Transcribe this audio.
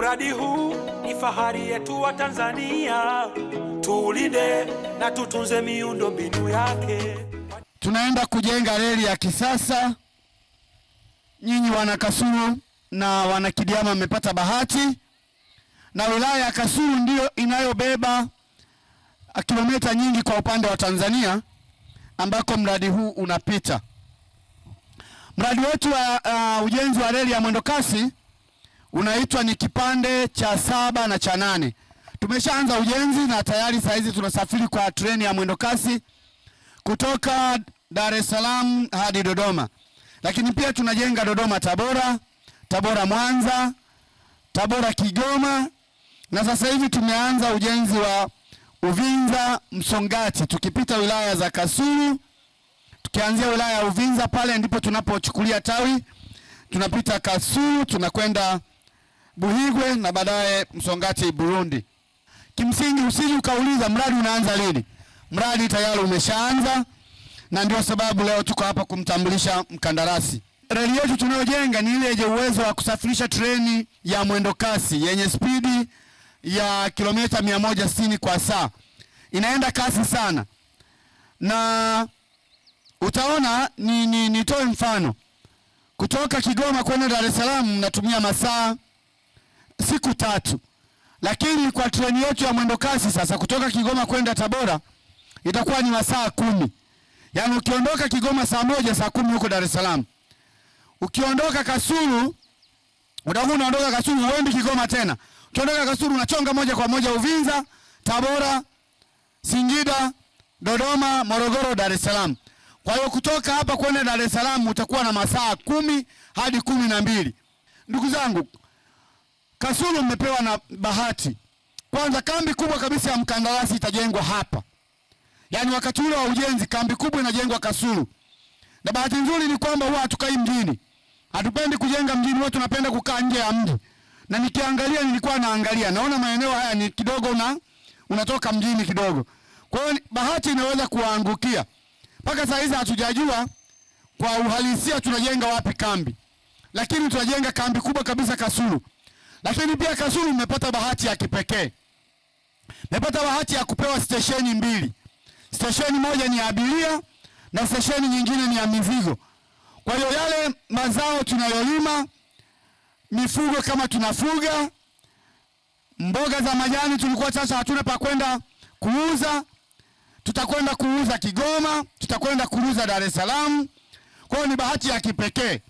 Mradi huu ni fahari yetu wa Tanzania, tulinde na tutunze miundo mbinu yake. Tunaenda kujenga reli ya kisasa. Nyinyi wana Kasulu na wana Kidiama mmepata bahati, na wilaya ya Kasulu ndiyo inayobeba ah, kilomita nyingi kwa upande wa Tanzania ambako mradi huu unapita. Mradi wetu wa uh, ujenzi wa reli ya mwendokasi unaitwa ni kipande cha saba na cha nane. Tumeshaanza ujenzi na tayari saa hizi tunasafiri kwa treni ya mwendokasi kutoka Dar es Salaam hadi Dodoma, lakini pia tunajenga Dodoma Tabora, Tabora Mwanza, Tabora Kigoma, na sasa hivi tumeanza ujenzi wa Uvinza Msongati, tukipita wilaya za Kasulu, tukianzia wilaya ya Uvinza pale ndipo tunapochukulia tawi, tunapita Kasulu tunakwenda Buhigwe na baadaye Msongati Burundi. Kimsingi usiji ukauliza mradi unaanza lini. Mradi tayari umeshaanza na ndio sababu leo tuko hapa kumtambulisha mkandarasi. Reli yetu tunayojenga ni ile yenye uwezo wa kusafirisha treni ya mwendo kasi yenye spidi ya kilomita 160 kwa saa. Inaenda kasi sana na utaona ni, ni, nitoe mfano kutoka Kigoma kwenda Dar es Salaam natumia masaa siku tatu, lakini kwa treni yetu ya mwendokasi sasa kutoka Kigoma kwenda Tabora itakuwa ni masaa kumi. Yaani ukiondoka Kigoma saa moja, saa kumi huko Dar es Salaam. Ukiondoka Kasulu utakuwa unaondoka Kasulu uendi Kigoma tena. Ukiondoka Kasulu unachonga moja kwa moja Uvinza, Tabora, Singida, Dodoma, Morogoro, Dar es Salaam. Kwa hiyo kutoka hapa kwenda Dar es Salaam utakuwa na masaa kumi hadi kumi na mbili. Ndugu zangu, Kasulu mmepewa na bahati. Kwanza, kambi kubwa kabisa ya mkandarasi itajengwa hapa, yaani wakati ule wa ujenzi kambi kubwa inajengwa Kasulu. Na bahati nzuri ni kwamba huwa hatukai mjini, hatupendi kujenga mjini, huwa tunapenda kukaa nje ya mji. Na nikiangalia, nilikuwa naangalia, naona maeneo haya ni kidogo na unatoka mjini kidogo, kwa hiyo bahati inaweza kuwaangukia. Mpaka saa hizi hatujajua kwa uhalisia tunajenga wapi kambi, lakini tunajenga kambi kubwa kabisa Kasulu. Lakini pia Kasulu nimepata bahati ya kipekee, Nimepata bahati ya kupewa stesheni mbili. Stesheni moja ni ya abiria na stesheni nyingine ni ya mizigo. Kwa hiyo yale mazao tunayolima, mifugo kama tunafuga, mboga za majani tulikuwa sasa hatuna pa kwenda kuuza, tutakwenda kuuza Kigoma, tutakwenda kuuza Dar es Salaam. Kwa hiyo ni bahati ya kipekee.